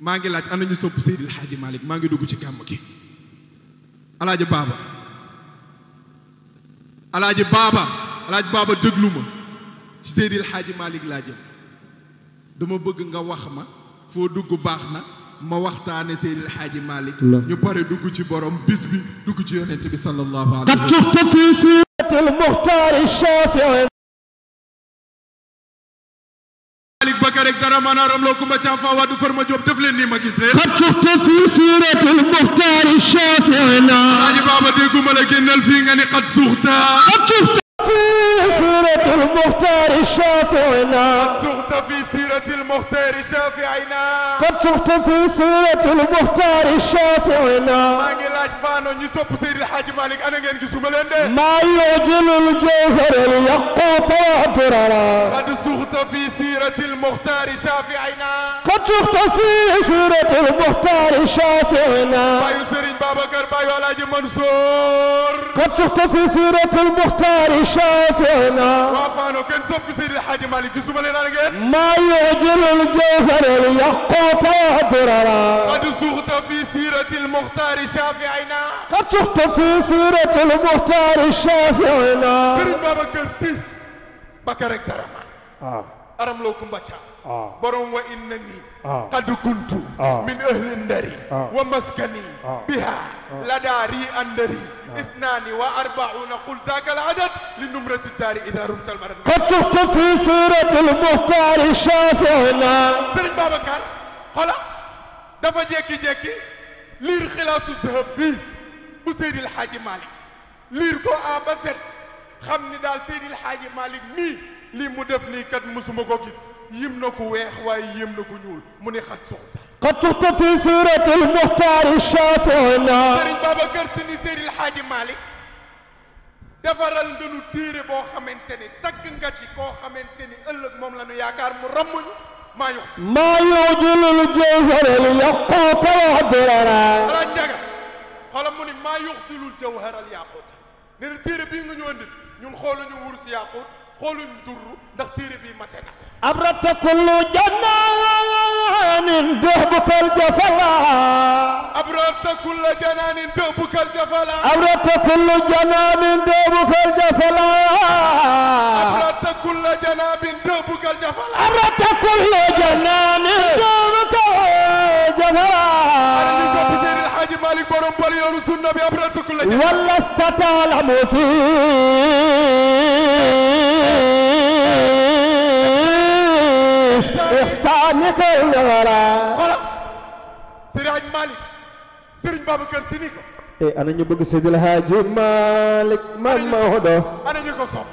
maa ngi laaj ana ñu sopp Seydil Hadji Malick maa ngi dugg ci gàmm gi alaaji baaba alaaji baaba alaaji ma ci Seydil Hadji Malick laa jëm dama bëgg nga wax ma foo dugg baax na ma waxtaane Seydil Hadji Malick ñu pare dugg ci borom bis bi dugg ci yonent bi sallallahu alayhi wa sallam كاريك دارا مانا رملو كومبا تشافا وادو فرما جوب تفلين ما غيس ري قد شفت في سيره المختار الشافعنا حاج بابا دي كومبا لكن الفين اني قد سوختا قد شفت في سيره المختار الشافعنا قد سوختا في سيره المختار الشافعنا قد شفت في سيره المختار الشافعنا ما يوجل الجوهر اليقطع ترى قد سوخت في سيرة سيرة المختار شافعنا قد شفت في سيرة المختار شافعنا بايو سيرين بابا كر بايو علاج منصور قد شفت في سيرة المختار شافعنا وافانو كان صف سير الحاج مالك جسم لنا ما يعجل الجوهر اليقوط دررا قد سوغت في سيرة المختار شافعنا قد شفت في سيرة المختار شافعنا سيرين بابا كرسي بكرك ترمان آه أرم لو كم بتشا برون وإنني قد كنت من أهل النار ومسكني بها لداري أندري اثنان وأربعون قل ذاك العدد لنمرة التاري إذا رمت المرد قد تبت في سورة المختار شافعنا سرج بابكر قال دفا جيكي جيكي لير خلاص الذهب بي بسيد الحاج مالك لير كو آبسد خمني دال سيد الحاج مالك مي li mu def nii kat musuma ko gis yim na ku weex waaye yim na ku ñuul mu ne xat suxta قد تختفي سيرة المختار الشافعنا سيرين بابا كرسني سير الحاج مالك defaral nga nu téere boo xamante ni tagg nga ci koo xamante ni ëllëg moom la nu yaakaar mu ràmmuñu maa yox maa yujulul jawharal yaquta wa dirara ala jaga xolam mu ni maa yuxsilul jawharal yaquta nee na téere bii nga ñu andil ñun xooluñu wurus yaqut xooluñ durru ndax téere bi mate na ko abrata kullu janaanin dëhbukal jafala abrata kullu janaanin dëhbukal jafala abrata kullu janaanin dëhbukal jafala abrata kullu janaanin dëhbukal jafala abrata kullu janaanin dëhbukal jafala ani soppi Seydi El Hadji Malick borom bal yoonu sunna bi abrata kullu janaanin walla stataalamu fii lisaanikal waraa. xoolal Serigne Hadj Malick Serigne Babacar Sy ni ana ñu bëgg Seydil Hadji Malick Mam Maodo. ana ñu ko sopp.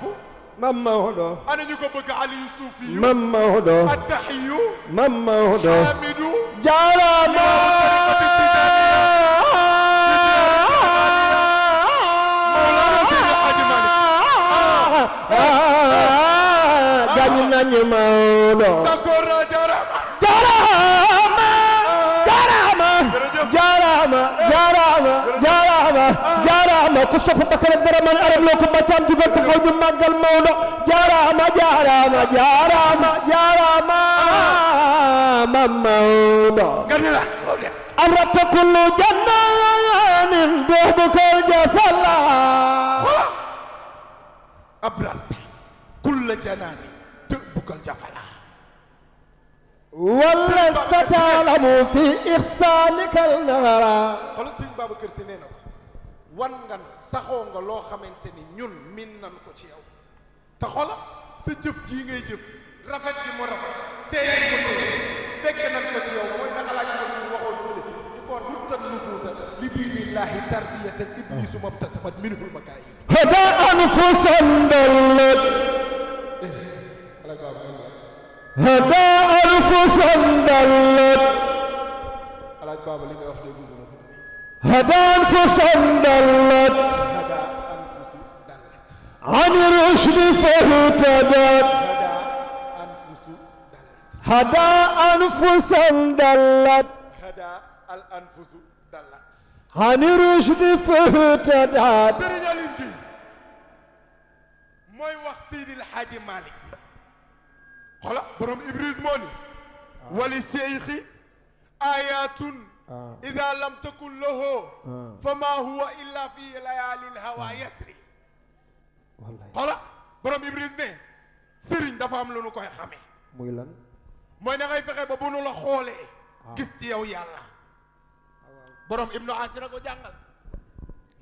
Mam Maodo. ana ñu ko bëgg Aliou Soufi. Mam Maodo. Atahiyu. Mam Maodo. Hamidou. mais ku sopp bakkanam boromam arab loo ko bàccaam jugal taxaw ñu màggal Maodo jaaraama jaaraama jaaraama jaaraama mam Maodo ganela amrat kullu jannanin duhbukal jasalla abrat kullu jananin duhbukal jafala wala statalamu fi ihsanika al-nara xol Sëriñ Babacar Si nee na ko wan nga saxoo nga loo xamante ni ñun min nan ko ci yow te xola sa jëf jii ngay jëf rafet bi mu rafet teey ko te fekk nan ko ci yow mooy na alaaj ko ñu waxoon fële di ko ruttan nufuusa li diinillahi tarbiyatan iblisu mabtasamat minhul makayi hada anfusan dallat hada anfusan dallat alaaj baaba li nga wax dégg هدى أنفس ضلت عن الرشد فهتدت هدى أنفس ضلت هدى الأنفس ضلت عن الرشد فهتدت موي جالين mooy wax Seydi El Hadji Malick xola borom Ibris moo إذا لم تكن له فما هو إلا في ليالي الهوى يسري xola borom Ibris ne sëriñ dafa am lu nu koy xamee muy lan mooy na ngay fexe ba bu nu la xoolee ah. gis ci yow yàlla ah, borom Ibnu Asira ko jàngal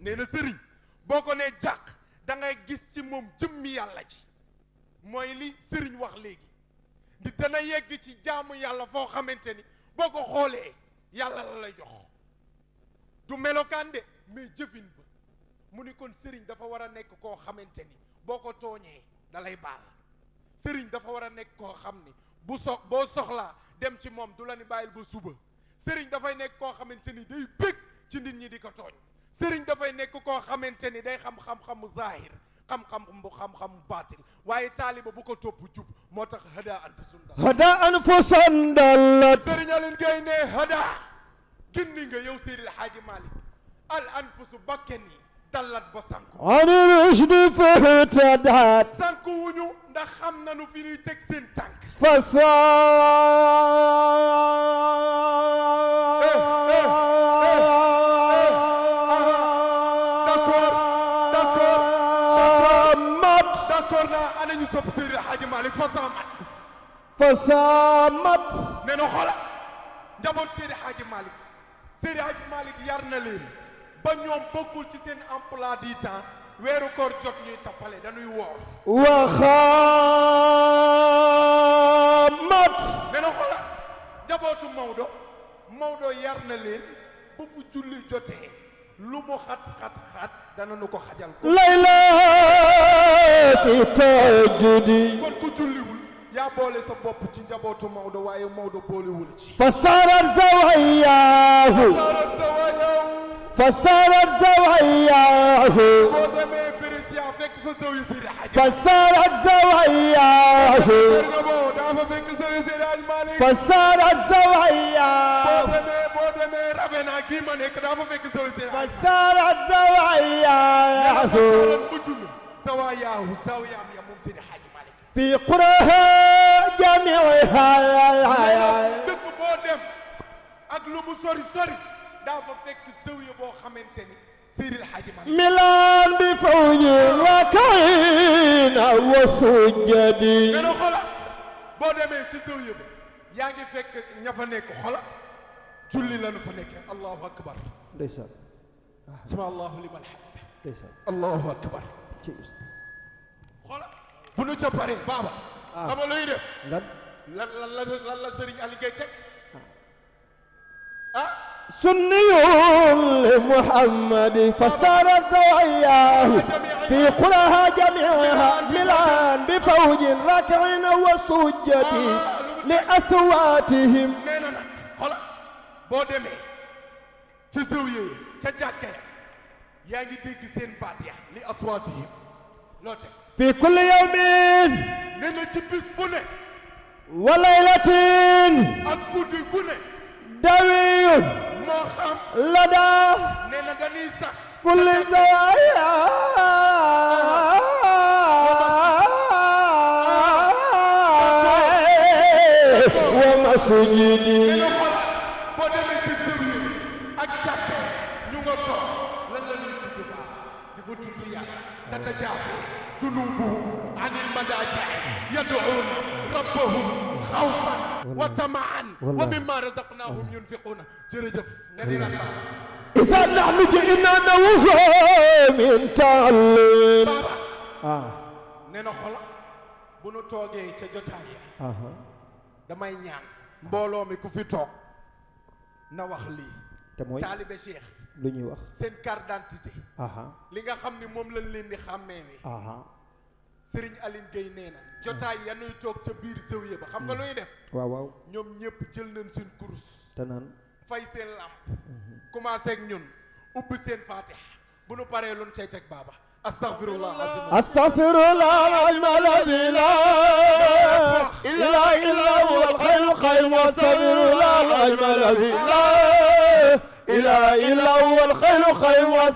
nee na sëriñ boo ko nee jàq dangay gis ci moom jëmmi yàlla ci mooy li sëriñ wax léegi di dana yegg ci jaamu yàlla foo xamante ni boo ko xoolee yàlla la lay jox du melokaan de mais jëfin ba mu ni kon sëriñ dafa war a nekk koo xamante ni boo ko tooñee dalay lay baal sëriñ dafa war a nekk koo xam ni bu so boo soxlaa dem ci moom du la ni bàyyil ba suba sëriñ dafay nekk koo xamante ni day bëgg ci nit ñi di ko tooñ sëriñ dafay nekk koo xamante ni day xam xam-xamu zaahir xam-xam bu xam-xam baatil waaye taaliba bu ko topp jub moo tax hada anfusun dal hada anfusun dallat sëriñ yow Seydil Haaji Malick al anfusu ba sànku anil rushdi fahtadat wuñu ndax xam na fi ñuy teg seen tànk fa ana ñu sopp Seydi Hadji Malick fa saamat fa saamat njaboot Seydi Hadji Malick Seydi Hadji Malick yar na leen ba ñoom bokkul ci seen emploi du temps weeru koor jot ñuy tappale dañuy woor waxaamat nee na xoola njabootu Maodo Maodo yar na leen ba fu julli jotee lu mu xat xat xat dana nu ko xajal ko laylatu tahjudi kon ku julliwul yaa boole sa bopp ci njabootu Maodo waaye Maodo boolewul ci fasarat zawayahu fasarat zawayahu fasarat zawayahu boo demee Périssia fekk fa sawi si xaj fasarat zawayahu daa fa fekk sawi si xaj Malik fasarat zawayahu boo demee دمي رفنا كيما نكرافو فيك زوزي فسارة زواياه زواياه زواياه يا ممسي الحاج مالك في قراها جميعها دك بودم أقلو مصوري سوري دافا فيك زوية بو خمنتني سير الحاج مالك ميلان بفعوني وكاين وسجدي منو خلا بودم يا زوية yaa ngi fekk ña fa nekk xola جل لنا فنك الله أكبر ليس اسم الله لمن حمده ليس الله أكبر كيف خلا بنو جباري بابا آه. أبو لير لن لن لن لن لن لن سني لمحمد فصار زواياه في قلها جميعها ملان بفوج ركعين وسجد آه، آه، لأسواتهم boo demee ca zawiya ca jàkka ya yaa ngi dégg seen baat ya li aswaati yi loo teg fii ci bis bu ne wa laylatin ak guddi gu ne dawiyun moo xam la daa nee na dañuy sax kulli wa mimma razaqnahum yunfiquna jërëjëf nga dina isa nahnu inna nawuzu min ta'allum ah na xol bu nu toogee ca jotaay ya damay ñaan mbooloo mi ku fi toog na wax lii te mooy taalibe cheikh lu ñuy wax seen carte li nga xam ni moom la leen di xàmmee wi Serigne Aline Gueye nee na jotaay yanuy toog ca biir sëwye ba xam nga looy def waaw waaw ñoom ñëpp jël nañ seen kurus te naan fay seen ñun ubbi seen faatiha bu nu paree lu nu cay teg baaba astaghfirullah la ilaha illa huwa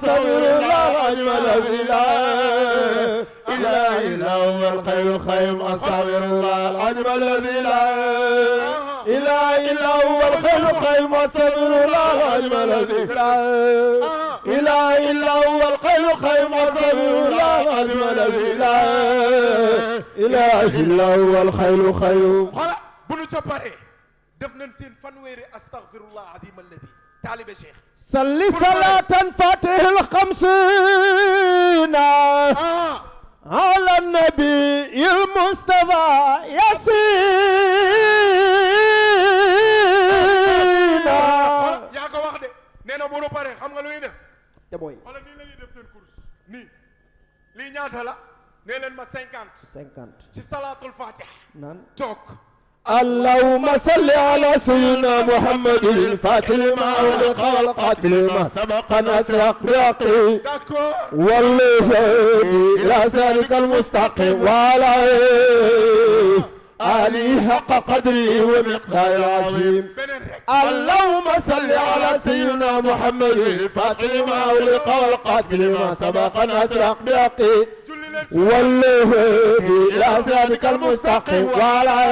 la ilaha اله الا هو الحي القيوم الصابر الله العظيم الذي لا اله الا هو الحي القيوم الصابر الله العظيم الذي لا اله الا هو الحي القيوم الصابر الله العظيم الذي لا اله الا هو الحي القيوم خلا بنو جباري دفنا سين فنويري استغفر الله العظيم الذي طالب شيخ صلي صلاة فاتح الخمسين آه. على النبي المصطفى يسينا yaa ko wax de nee na bu pare xam nga lu def te mooy wala nii la ñuy def seen course nii lii ñaata la nee leen ma cinquante cinquante ci salaatul fatiha naan toog اللهم صل على سيدنا محمد الفاتح ما أغلق القتل ما سبق نسرق بيقي والله إلى ذلك المستقيم وعلى علي حق قدري ومقدار عظيم اللهم صل على سيدنا محمد الفاتح ما أغلق القتل ما سبق نسرق بيقي والله إلى صراطك المستقيم وعلى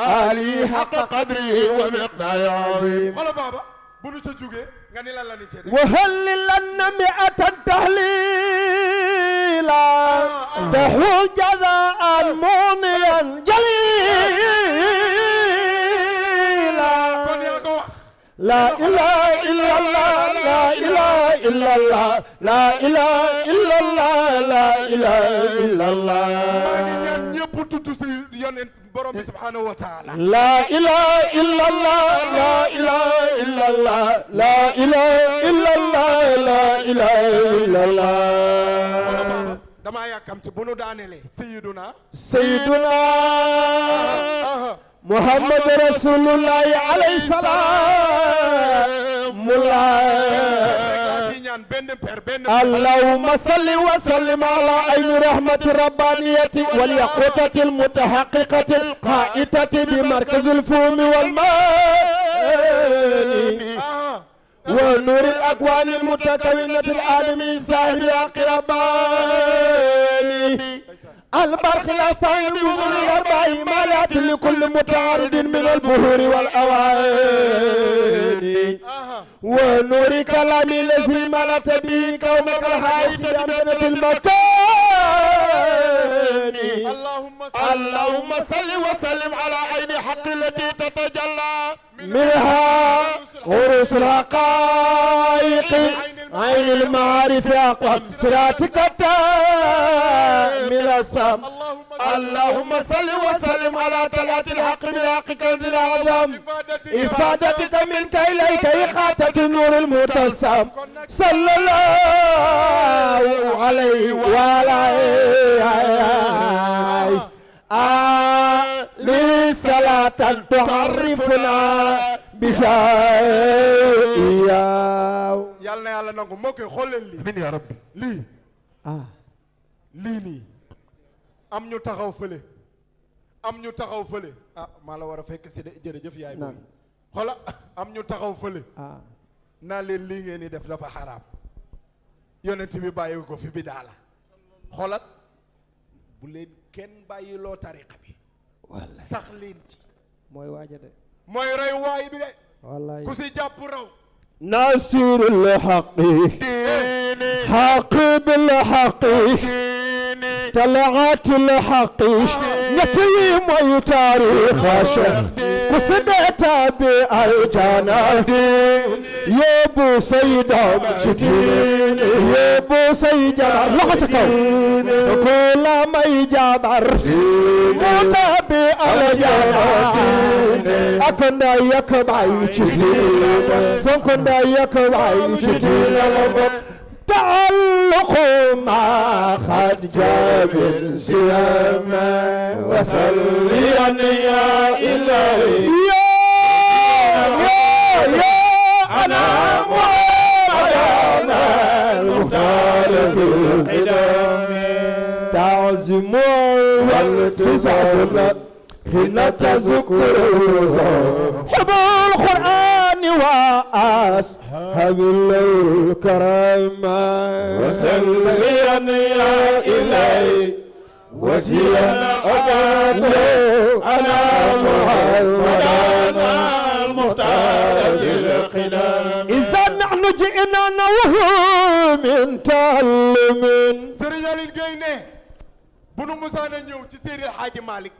آله حق قدره ومقداره عظيم وهللن مئة تهليلا تحو جزاء منيا جليلا لا إله إلا الله لا إله إلا الله لا إله إلا الله لا إله إلا الله لا إله إلا الله لا إله إلا الله لا إله إلا الله لا إله إلا الله دما يا كم تبونو دانيلي سيدنا سيدنا محمد رسول الله عليه السلام اللهم صل وسلم على عين رحمة الربانية واليقوطة المتحققة القائتة بمركز الفوم والمال ونور الأكوان المتكونة العالمي صاحب الأقربان البرق الأصلي يغني أربعي مالات لكل متعرض من البهور والأواني ونور كلامي الذي ملت به كونك في أمانة المكان اللهم صل وسلم على عين حق التي تتجلى منها قرص الحقائق عين المعرفة قم صراطك من الصم اللهم صل وسلم على طلعة الحق بالحق كنز العظم إفادتك منك إليك إخاتة النور المتسم صلى الله عليه وعلى آله صلاة تعرفنا بشيء nangu mbokk yi xool leen lii. amiin yaa rabbi lii. ah. lii nii. am ñu taxaw fële. am ñu taxaw fële. ah maa la war a fekk si de jërëjëf yaay. naam xoola am ñu taxaw fële. ah. naa leen lii ngeen di def dafa xaraam. yonent bi bàyyi ko fi bi daala xoolat bu leen kenn bàyyi loo tariqa bi. sax leen ci. mooy waaja de. mooy rey bi de. wallaay ku si jàpp raw. ناصر الحق حق بالحق طلعت الحق يتيم ويتاريخ شهد Musidata be aljanadi Yebu sayida mujidini Yebu sayida Loxo ci kaw Kula may jabar Muta be aljanadi Akanda yak bay ci dina Fonkanda yak bay ci dina تعلق مع خدجة بن سيامة وسليا يا إلهي يا يا يا أنا محمد أنا المختار في القدام تعزم والتسع حين تذكره حب القرآن واس هذا الليل الكرم وسلميا يا إلهي وسيا أبدا على محمد على المختار القدام إذا نحن جئنا نوه من تعلم سريا للجينة بنو مسانا نيو تسير الحاج مالك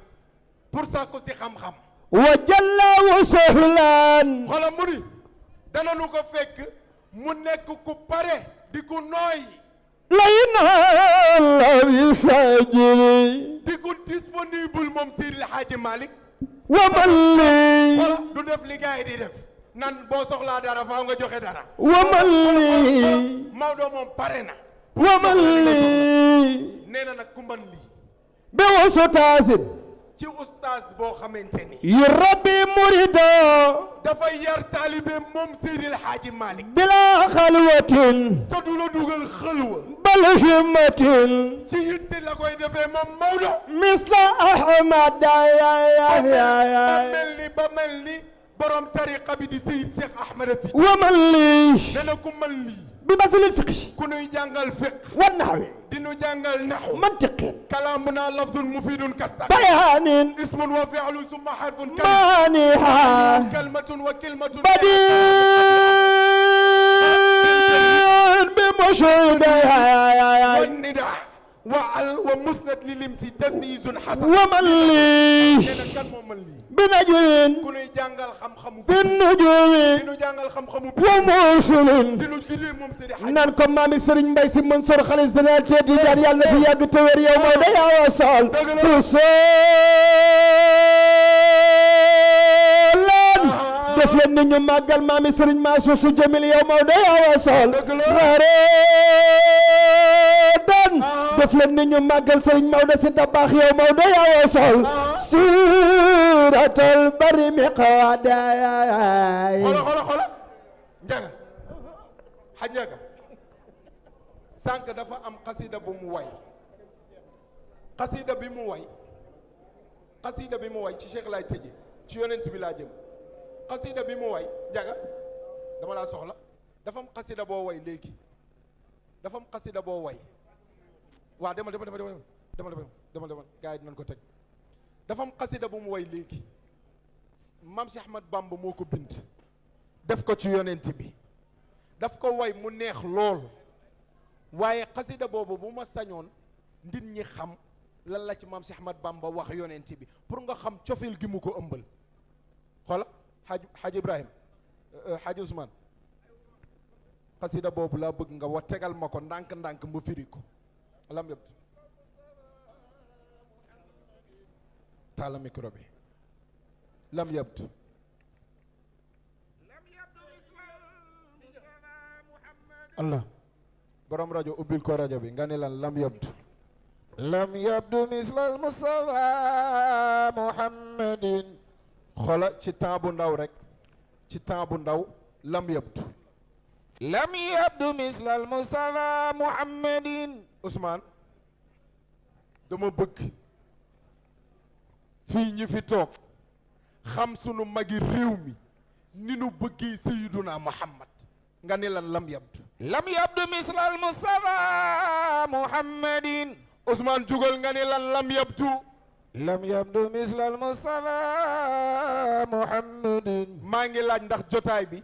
pour sàkku خم خم wa jallaawu soxlaan xoolal mu ni dana nu ko fekk mu nekk ku pare di ku nooy lay naa la bi fajiri di ku disponible moom Seydil Hadji Malick wa man lii du def li gars yi di def nan boo soxlaa dara faaw nga joxe dara wa man lii Maodo moom pare na wa man lii nee na nag ku man lii be waso taasin ci oustaz boo xamante ni. yu rabbi murida. dafay yar taalibe moom Seydi El Hadji Malick. bilaa xalwatin. te du la dugal xalwa. bal himmatin. ci yitte la koy defee moom Maodo. misla Ahmad ba mel ni ba mel ni borom tariqa bi di Seydi Cheikh Ahmed Tidiane. wa man lii. nee na ku man lii. بمثل الفقه كونو جانغال فقه والنحو دينو جانغال نحو منطق كلامنا لفظ مفيد كالسكن بيان اسم وفعل ثم حرف كلمة مانحة كلمة وكلمة بديع بمشهد والنداء ومسند للمسي تمييز حسن وملي بنجل بنجل ومرسل نانكم مامي سرين مباي سي منصور خالص دلال تيد جان يالنا في ياغ يوم دا يا وصال def leen ni ñu màggal maami sëriñ Mansour Sy Djamil yow man def leen ni ñu màggal Serigne Maodo si Dabakh yow Maodo yaa woo sol siratal bari mi xawaadaay xola xaj njaga sànq dafa am xasida bu mu way xasida bi mu way xasida bi mu way ci Cheikh laay tëje ci yonent bi laa jëm xasida bi mu way njaga soxla dafa am xasida boo way léegi dafa am xasida boo way waaw demal demal demal demal demal demal demal gars yi dinañ ko teg dafa am xasida bu mu way léegi maam si Ahmad Bamba moo ko bind def ko ci yonent bi daf ko way mu neex lool waaye xasida boobu bu ma sañoon nit ñi xam lan la ci maam si Ahmad Bamba wax yonent bi pour nga xam cofil gi mu ko ëmbal xoola xaaj xaaj Ibrahim xaaj euh, Ousmane xasida boobu laa bëgg nga wa tegal ma ko ndànk-ndànk ma firi ko لم يبدو تعال ميكروبي لم يبدو الله borom rajo ubbil ko rajo bi nga ne lan lam yabdu lam yabdu mislal mustafa muhammadin xola ci temps bu ndaw rek ci temps bu ndaw lam yabdu lam yabdu mislal mustafa muhammadin osmaan dama bëgg fii ñi toog xam sunu magi réew mi ni nu bëggee Sayyiduna nga ne lan lam yabdu lam yabdu mislal Mustafa Muhammadin Ousmane jugal nga ne lan maa ngi laaj ndax jotaay bi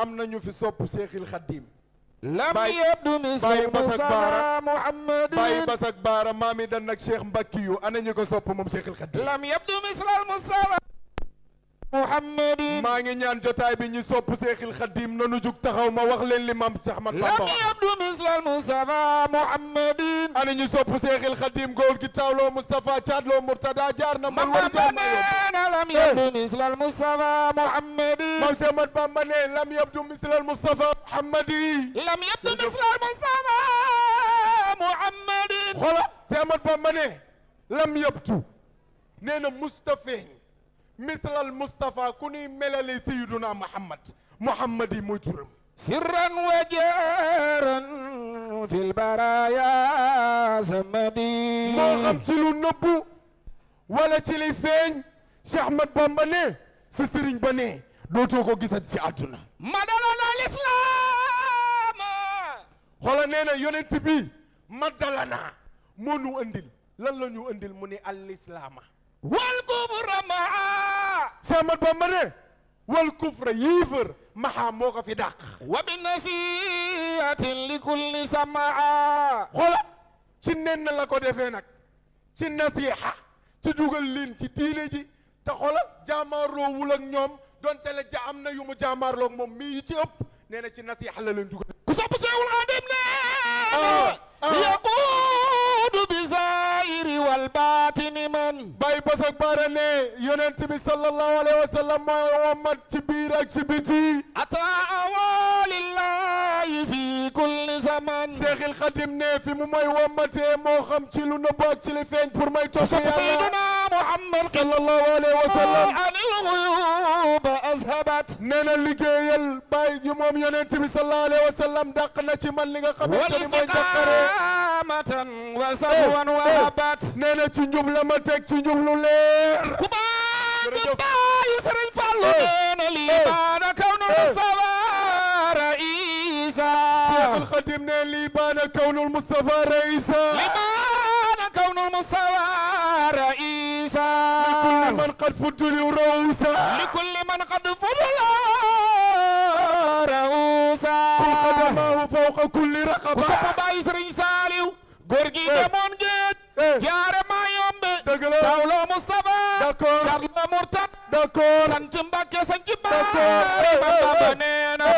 am na ñu fi sopp Seexil Xaddiim lam yabdu mislu Mustafa Muhammadin Baye Bass ak Baara maam yi dan nag Cheikh Mbackiyu ana ñu ko sopp moom Cheikh El Khadim lam yabdu mislu Mustafa muhammadin maa ngi ñaan jotaay bi ñu sopp seexil xadim nanu jug taxaw ma wax leen li maam Cheikh Ahmad Bamba lam yabdu mislal Mustafa muhammadin ana ñu sopp seexil xadim góor gi tawloo Mustafa caadloo Murtada jaar na man war jaar na yóbbu lam yabdu mislal Mustafa muhammadin maam Cheikh Ahmad Bamba ne lam yabdu mislal Mustafa muhammadin lam yabdu mislal Mustafa muhammadin xoola Cheikh Ahmad Bamba ne lam yabdu nee na Mustafa mislal Moustapha ku nuy melale Seydouna Muhammad Muhammad yi mooy turam. sirran wa jaaran fil baraya samadi. moo xam ci lu nëbbu wala ci li feeñ Cheikh Ahmad Bamba ne sa sëriñ ba ne dootoo ko gisati ci àdduna. madalana lislaam. xoola nee yonent bi madalana moo nu andil lan la ñu mu ne al wal kufra maa sama bamba ne wal kufra yiifër maxaa fi dàq wa bi nasiyatin li kulli samaa xoola ci nen la ko defee nag ci nasiha ci dugal leen ci diine ji te xoola jaamaarloowul ak ñoom donte la ja na yu mu jaamaarloog moom mii ci ëpp nee na ci nasiha la leen dugal ku sopp seewul aadem ne ah, ah. yaquudu bi zaahiri wal bés ak baara ne yonent bi sallallahu alayhi wa sallam mooy wommat ci biir ak ci biti ataa walillahi fi kulli zaman Seexil Xadim ne fi mu may wommatee moo xam ci lu nëbb ak ci li feeñ pour may topp yàlla محمد صلى الله عليه وسلم عن الغيوب أذهبت نانا اللي جايل باي يوم ينتمي صلى الله عليه وسلم دقنا شمال لغا خمسة لما يدقره مatan وسهوا وهبت نانا تنجم لما تك تنجم لولير كبان باي سرين فالو نانا لي بانا كون المصطفى رئيسا الخدم نانا لي بانا كون المصطفى رئيسا لبانا كون المصطفى رئيسا لكل من قد فضل رؤوسا لكل من قد فضل رؤوسا كل قدمه فوق كل رقبة وصف باي سرين ساليو غورغي دمون جيت جار ما يوم تاولو مصطفى شارلو مرتد سنت مبكى سنت مبكى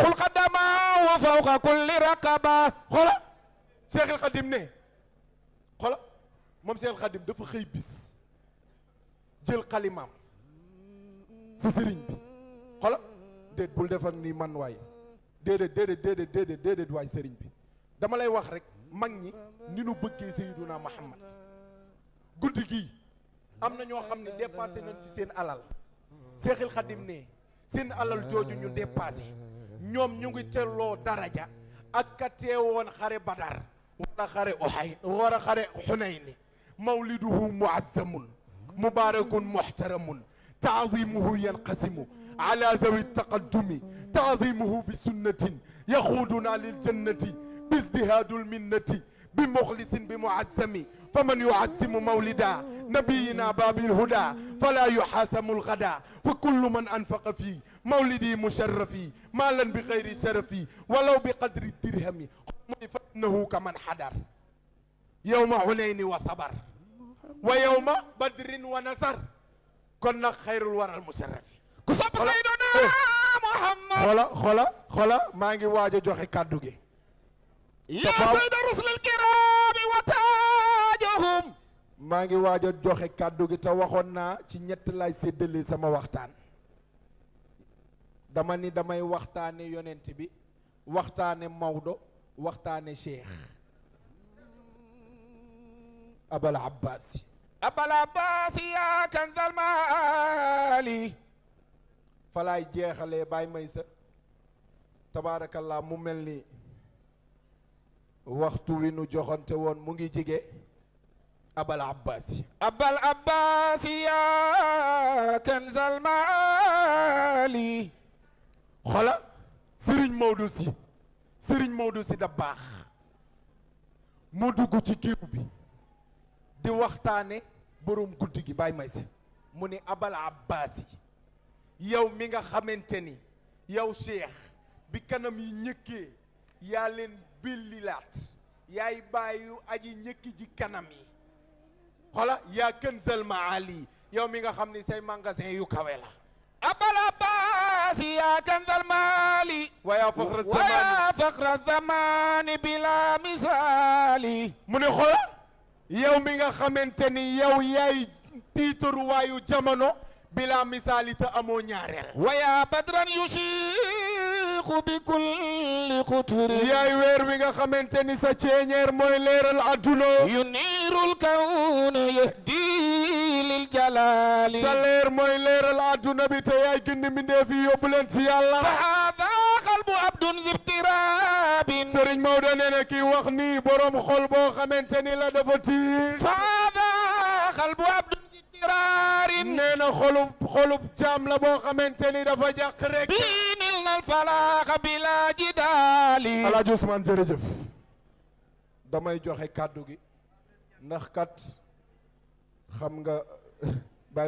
كل قدمه فوق كل رقبة خلا شيخ القديم نه moom Cheikh Khadim dafa xëy bis jël xalimaam si sëriñ bi xolo déet bul defar nii man waay déedéet déedéet déedéet déedéet sëriñ bi dama lay wax rek mag ñi ni nu bëggee Seyduna Muhammad guddi gii am na ñoo xam ne dépassé nañ ci seen alal Seexil Xadim ne seen alal jooju ñu dépassé ñoom ñu ngi telloo daraja ak ka teewoon xare Badar wala xare Uxay wala xare Xunayni مولده معظم مبارك محترم تعظيمه ينقسم على ذوي التقدم تعظيمه بسنة يخودنا للجنة بازدهاد المنة بمخلص بمعزم فمن يعزم مولدا نبينا باب الهدى فلا يحاسم الغدا فكل من أنفق في مولدي مشرفي مالا بغير شرفي ولو بقدر الدرهم فإنه كمن حدر يوم حنين وصبر ويوم بدر ونزر كنا خير الورى المسرفين كسب سيدنا إيه. محمد خلا خلا خلا ما نجي واجه جوخي كادوغي يا سيد الرسل الكرام وتاجهم ما نجي واجه جوخي كادوغي تا واخونا سي نيت لاي سيدلي سما وقتان داما ني داماي وقتان يونتبي وقتان مودو وقتان شيخ أبا العباس أبا العباس يا كنز المالي فلا يجيخ باي ميسا تبارك الله مملي لي وقت وينو جوخن تون مونجي جيجي أبا العباس أبا العباس يا كنز المالي خلا سيرين مودوسي سيرين مودوسي دباخ مودو كوتي كيوبي di waxtaane borom guddi gi bàyyi may mu ni abal abbaas yi mi nga xamante ni yow cheikh bi kanam yi ñëkkee yaa leen billilaat yaay bàyyu aji ñëkki ji kanam yi xola yaa kënsal maali yow mi nga xam ni say magasin yu kawe la abal abbaas yaa kënsal maali wa yaa wa yaa faqra zamani bila misaali mu ne xola yow mi nga xamante ni yow yaay tiitaruwaayu jamono bila misaali te amoo ñaareel waya badran yusiqu bi kulli xuturi yaay weer wi nga xamante ni sa ceeñeer mooy leeral adduna yu niirul kawna yahdi lil jalali sa leer mooy leeral adduna bi te yaay gindi mbindeef yi yóbbu leen ci yàlla fa hada qalbu abdun zibtirabi Serigne Maodo nee na kii wax nii borom xol boo xamante ni la dafa tiir faada xal bu abdu jiraarin nee na xolub xolub jaam la boo xamante ni dafa jàq rek biinil nal falaaxa bilaa jidaali Alaaji Ousmane jërëjëf damay joxe kàddu gi ndax kat xam nga